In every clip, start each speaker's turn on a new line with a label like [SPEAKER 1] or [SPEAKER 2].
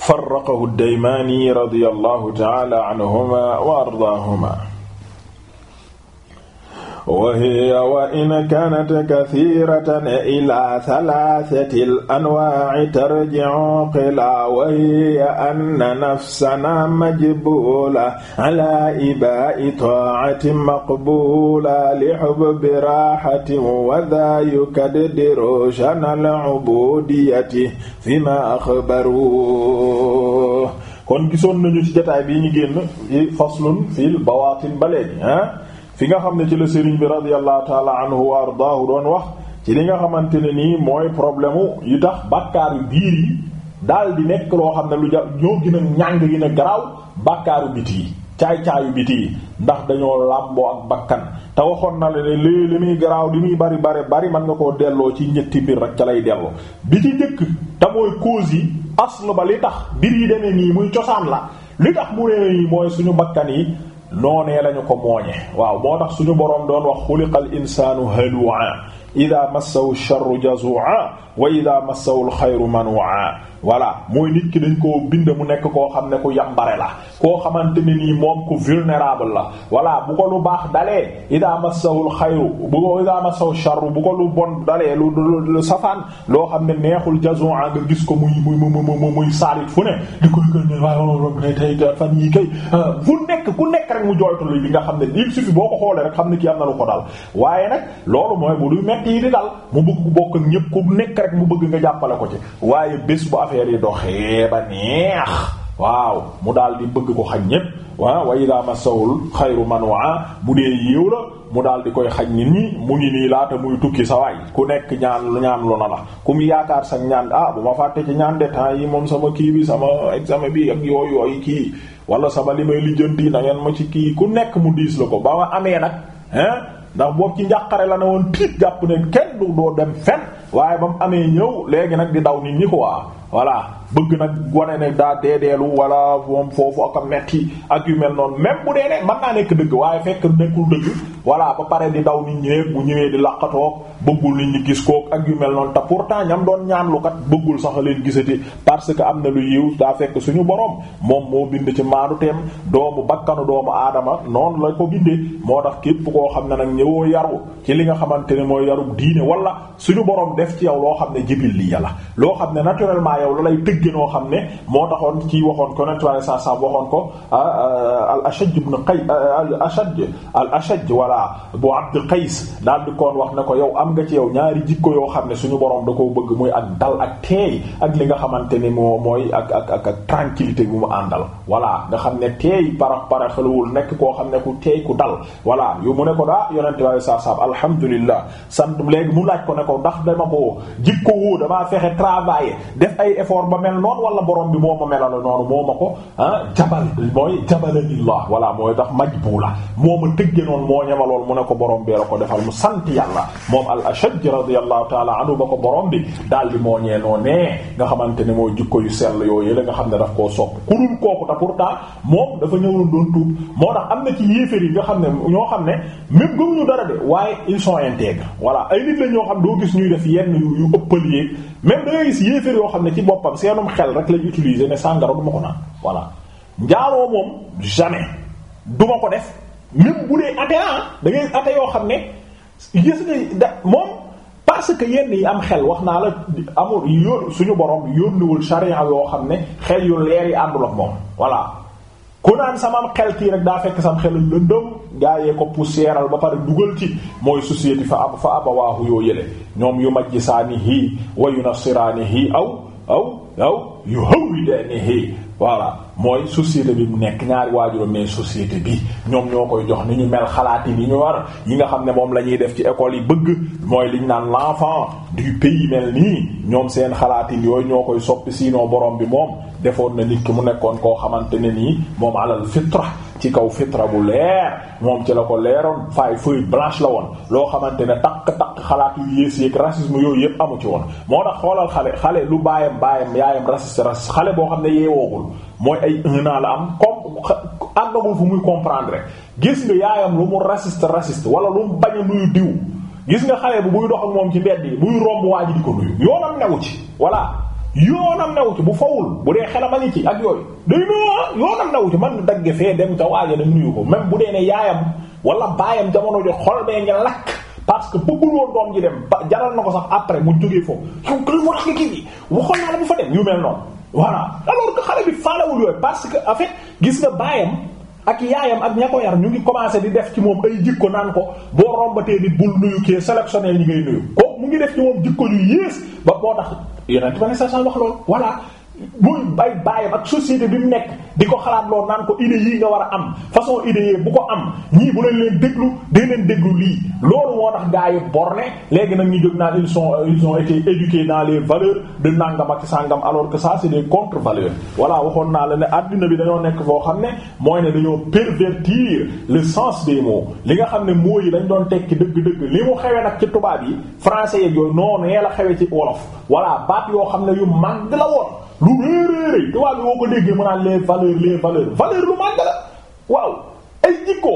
[SPEAKER 1] farraqahu ad-Daymaani radiyallahu ta'ala anhuma wa ardaahuma wa hiya wa in kanat kathiratan ila thalathati al anwa'i tarji'u qila wa hiya anna nafsana majbula ala iba'i ta'ati maqbula li hubbi rahati wa dha yukaddiru shana al ubudiyati fima akhbaru kon gisoon nañu ci jotaay bi ñu génn faslun fil bawatin ba léegi ah fi nga xam ne ci la sëriñ bi radiyallahu taala anhu wa ardaahu doon wax ci li nga xamante ne nii mooy problème u yi tax bàkkaaru biir yi daal di nekk loo xam ne lu ja ñoo gën a ñàng gën a garaaw bàkkaaru biti yi caay-caayu biti yi ndax dañoo làmboo ak bakkan te waxoon na la ne lée li muy garaaw li muy bari bari bari mën nga koo delloo ci ñetti mbir rek ca lay delloo bi ci njëkk te mooy cause yi aslu ba li tax mbir yi demee nii muy cosaan la li tax mu suñu bakkan yi noonee lañu ko mooñe waaw moo tax suñu boroom doon wax xuliqal insaanu halu'a ida massahu sharru jazua wa ida massahu alxayru manua voilà mooy nit ki dañ ko bind mu nekk koo xam ne ku yambare la koo xamante ne nii moom ku vulnérable la voilà bu ko lu baax dalee ida massahul a bu ida massahu sharru bu ko lu bon dalee lu safaan loo xam ne neexul jazua nga gis ko muy muy muy muy saalit fu ne di koy gën ne waaye yi kay ah, nekk ku nekk rek mu jooytu li nga xam ne il boo ko xoolee rek xam ne ki am na lu ko dal waaye nag loolu mooy bu du ñett yi di mu bëgg ku bokk ak ñëpp ku nekk rek mu bëgg nga jàppale ko ci waaye bés bu affaire yi doxee ba neex waaw mu daal di bëgg ko xañ ñépp waaw wa ida masawul xayru manwaa bu dee yiw la mu daal di koy xaj nit ñi mu ngi nii laata muy tukki sa waay ku nekk ñaan ñaan lu na la ku yaakaar sax ñaan ah bu ma fàtte ci ñaan de yi moom sama kii bi sama examen bi ak yooyu yooyu kii wala sama li may lijjanti na ngeen ma ci kii ku nekk mu diis la ko ba amee nag ndax boobu ci njàqare la ne woon tiit jàpp ne kenn du doo dem fen waaye ba mu amee ñëw léegi nag di daw nit ñi ko waa voilà bëgg nag wone ne daa deedeelu wala moom foofu ak a metti ak yu mel noonu même bu dee ne mën naa nekk dëgg waaye fekk nekkul dëgg voilà ba pare di daw nit ñi bu ñëwee di laqatoog bëggul nit ñi gis ko ak yu mel noonu pour pourtant ñam doon ñaanlu kat bëggul sax leen gisati parce que am na lu yiw daa fekk suñu borom moom moo bind ci maanu teem doomu bakkanu doomu aadama noonu la ko bindee moo tax képp koo xam ne nag ñëwoo yaru ci li nga xamante ne moo yarub diine wala suñu borom def ci yow loo xam ne jibil li la loo xam ne naturellement yow la lay tëgge noo xam ne moo taxoon ci waxoon ko nent wale sa waxoon ko ah, ah, al ashaj ibn qay ah, al ashaj al ashaj wala bu abd qais daal di koon wax ne ko yow am am nga ci yow ñaari jikko yoo xam ne suñu borom da koo bëgg muy ak dal ak teey ak li nga xamante ni moo mooy ak ak ak ak tranquillité bu mu àndal voilà nga xam ne teey para para xelawul nekk koo xam ne ku teey ku dal voilà yow mu ne ko daa yonente waaye saa saab alhamdulillah sant léegi mu laaj ko ne ko ndax dama ko jikko woo damaa fexe travailler def ay effort ba mel noonu wala borom bi moo ma melal noonu moo ma ko ah jabal mooy jabalanillah voilà mooy tax majbula moo ma tëgge noonu moo ñamalool mu ne ko borom bi la ko mu sant yàlla ashaj radiyallahu taala anhu ba ko borom bi daal di moo ñeenoo nee nga xamante ne moo jikko yu sell yooyu la nga xam ne daf koo sopp kurul kooku te pourtant moom dafa ñëwoon doon tuub moo tax am na ci yéeféer yi nga xam ne ñoo xam ne même gëmuñu dara de waaye ils sont intègres ay nit la ñoo xam ne doo gis ñuy def yenn yu yu ëppal yéeg même da ngay gis yéeféer yoo xam ne ci boppam seenum xel rek lañ utiliser ne sàngara du ma ko naan voilà njaaloo moom jamais duma ko def même ah, yoo xam ne gis nga da moom parce que yenn yi am xel wax naa la amul yoon suñu borom yónniwul sharia yoo xam ne xel yu leer yi àndul ak moom voilà ku naan samam xel kii rek daa fekk sam xel lëndëm gaa yee ko poussièral ba pare dugal ci mooy société fa ab fa abawaahu yoo yële ñoom yu majjisaanihi wa yunassiraanihi aw aw aw yu hawwidaanihi voilà mooy société bi mu nekk ñaari waajuram mais société bi ñoom ñoo koy jox ni ñu mel xalaat yi ñu war yi nga xam ne moom la ñuy def ci école yi bëgg mooy liñ naan l'enfant du pays mel nii ñoom seen xalaat yi yooyu ñoo koy soppi sinon boroom bi moom defoon na nit mu nekkoon koo xamante ne nii moom alal fitra ci kaw fitra bu leer moom ci la ko leeroon faay feuille blanche la woon loo xamante ne takk-takk xalaat yu yées yeeg racisme yooyu yëpp amu ci woon moo tax xoolal xale xale lu baayam baayam yaayam raciste raciste xale boo xam ne yeewoogul mooy ay un la am comme àndagul fu muy comprendre gis nga yaayam lu mu rasist rasist wala lu mu bañ nuyu diw gis nga xale bu buy dox ak moom ci mbedd yi buy romb waa ji di ko nuyu yoonam newu ci voilà yoonam newu ci bu fawul bu dee xelam a ngi ci ak yooyu day nuyoo ah, yoonam newu ci man na dagge fee dem ca waaja dem nuyu ko même bu dee ne yaayam wala baayam jamono jo xol bee nga lakk parce que bëggul woon doom ji dem jaral na ko sax après mu jógee foofu yow kër moo fa dem voilà alors que xale bi faalewul yooyu parce que en gis nga baayam ak yaayam ak ña ko yar ñu ngi commencé di def ci moom ay jikko naan ko boo rombatee bi bul nuyu kee sélectionné ñi ngay nuyu ko mu ngi def ci moom jikko yu yées ba boo tax yonent ba ne sa sa wax loolu voilà buy bay bàyyam ak société bi mu nekk di ko xalaat loo naan ko idée yi nga war a am façon idée bu ko am ñii bu leen leen déglu dee leen déglu lii loolu moo tax gaa yi borné léegi nag ñu jóg naa ils sont euh, ils ont été éduqués dans les valeurs de nangam ak sàngam alors que ça c'est des contre-valeurs voilà waxoon naa la ne adduna bi dañoo nekk foo xam ne mooy ne dañoo pervertir le sens des mots li nga xam ne mots yi dañ doon tekki dëgg-dëgg li mu xewee nag ci tubaab yi français yeeg yooyu noonu yee la xewee ci wolof voilà baat yoo xam ne yu mag la lu réeréeréy tubaab bi boo ko déggee mu a les valeurs les valeurs valeur lu màgg la waaw ay jikko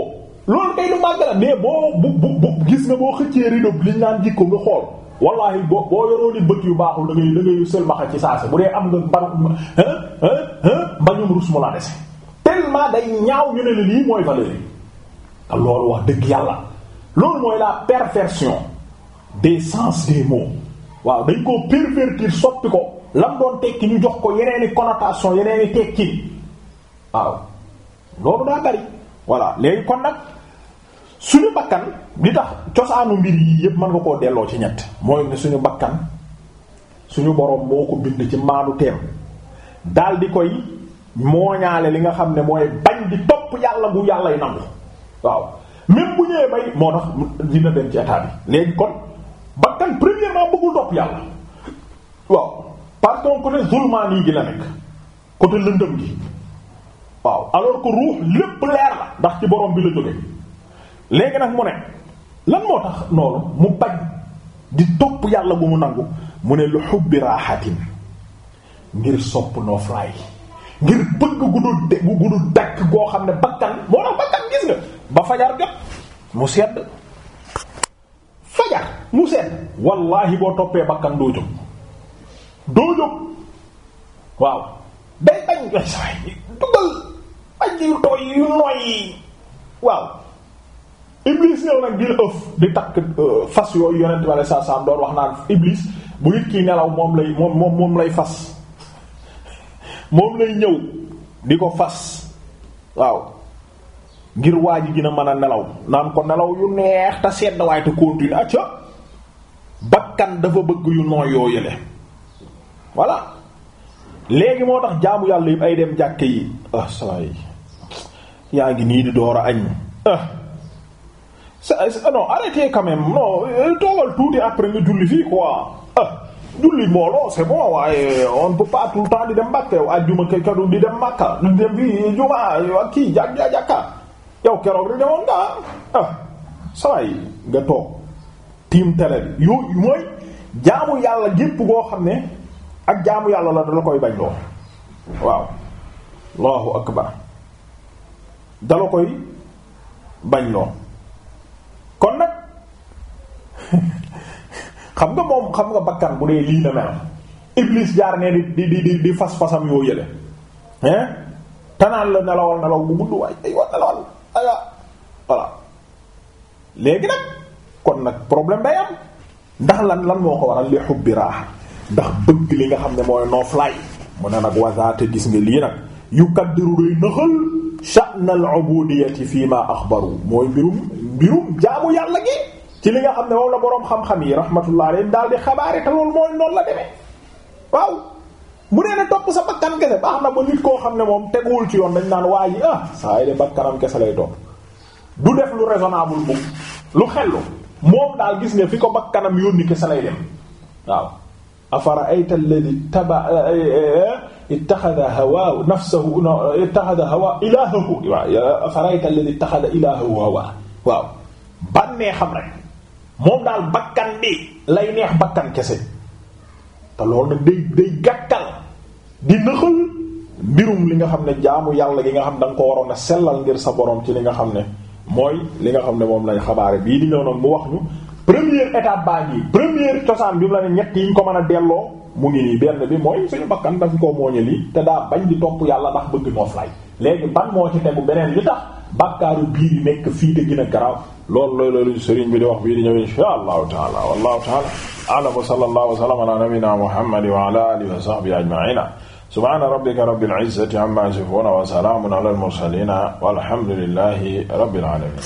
[SPEAKER 1] loolu kay lu màgg la mais boo bu bu bu gis nga boo xëccee rido liñ naan jikko nga xool wallahi boo boo yoroo ni bët yu baaxul da ngay da sëlmaxa ci saase bu dee am nga ba mbañum rus mu la dese tellement day ñaaw ñu ne la lii mooy valeur yi te loolu wax dëgg yàlla loolu mooy la perversion des sens des mots waaw dañ koo pervertir soppi ko lam doon tekki ñu jox ko yeneen connotation yeneeni tekki waaw loolu daa bari voilà léegi kon nag suñu bakkan li tax cosaanu mbir yi yépp mën nga koo delloo ci ñett mooy ne suñu bakkan suñu boroom moo ko bind ci maanu teem daal koy mooñaale li nga xam ne mooy bañ di topp yàlla bu yàlla yi nangu waaw même bu ñëwee bay moo tax dina dem ci état bi léegi kon bakkan premièrement bëggul topp yàlla waaw parce que côté zulmaani gi la nekk côté lëndëm gi waaw alors que ruux lépp leer la ndax ci borom bi la jóge léegi nag mu ne lan moo tax noonu mu bañ di topp yàlla bu mu nangu mu ne lu xubbi raaxatin ngir sopp nooflaay ngir bëgg gu dul dakk goo xam ne bakkan moo tax bakkan gis nga ba fajar jot mu sedd fajar mu sedd wallaahi boo toppee bakkan doo jóg doo jóg waaw day bañ way saway añ yu tooy yu nooy waaw iblis ñëw ngir ëf di takk euh, fas yooyu yonent bale saa saam doon wax naan iblis bu nit kii nelaw moom lay moom moom lay fas moom lay ñëw di ko fas waaw ngir waa ji gën a mën a nelaw naan ko nelaw yu neex te sedd waaye te continue acca bakkan dafa bëgg yu nooy yoo yële voilà léegi moo tax jaamu yàlla yi ay dem jàkke yi ah saa yi yaa ngi nii di door a añ ah sa non arrêtez quand même non euh, toogal tuuti après nga julli fii quoi ah julli yow keroog rek demoon ah. ah. yi nga toog tiim tele bi yooyu mooy jaamu yàlla gépp goo xam ne ak jaamu yàlla la da koy bañ loo waaw allahu akbar da koy bañ loo kon nag xam nga moom xam nga bakkan bu dee lii la mel iblis jaar ne di di di di fas fasam yoo yële hein tanaan la nelawal nelaw bu gudd waay ay wa nelawal aya voilà léegi nag kon nag problème day am ndax lan lan moo ko waral li xubbi raaxa ndax bëgg li nga xam ne mooy nooflaay mu ne nag wasaate gis nga lii nag yu kaddiru day nëxal sha'n al ubudiyati fii ma axbaru mooy mbirum mbirum jaamu yàlla gi ci li nga xam ne moom la boroom xam-xam yi rahmatullah alayhi daal di xabaare te loolu mooy noonu la demee waaw mu nee ne topp sa bakkan kese baax na ba nit koo xam ne moom teguwul ci yoon dañ naan waa yi ah saa yi de bakkanam kese lay topp du def lu raisonnable moom lu xellu moom daal gis nga fi ko bakkanam yónni kese lay waaw afara'ayta alladhi taba ittakhadha hawaahu nafsahu ittakhadha hawaahu ilaahahu waaw afara'ayta alladhi ittakhadha ilaahahu hawaahu waaw bannee xam rek moom daal bakkan bi lay neex bakkan kese te loolu nag day day gàkkal di nëxal mbirum li nga xam ne jaamu yàlla gi nga xam da nga ko waroon a sellal ngir sa borom ci li nga xam ne mooy li nga xam ne moom lañ xabaare bii di ñëw nag mu wax ñu première étape baa ngi première cosaan bi mu la ne ñett yi ñu ko man a delloo mu ngi nii benn bi mooy suñu bakkan daf ko mooñe lii te daa bañ di topp yàlla ndax bëgg nooflaay léegi ban moo ci tegu beneen li tax bàkkaaru biir nekk fii te gën a garaaw loolu looy loolu sëriñ bi di wax bii di ñëw insha allahu taala wallahu taala a'lam wa sallallahu wa sallama ala nabiyyina muhammadin wa ala alihi wa sahbihi ajma'ina subhana rabbika rabbil izzati amma yasifun wa salamun ala al mursalin walhamdulillahi rabbil alamin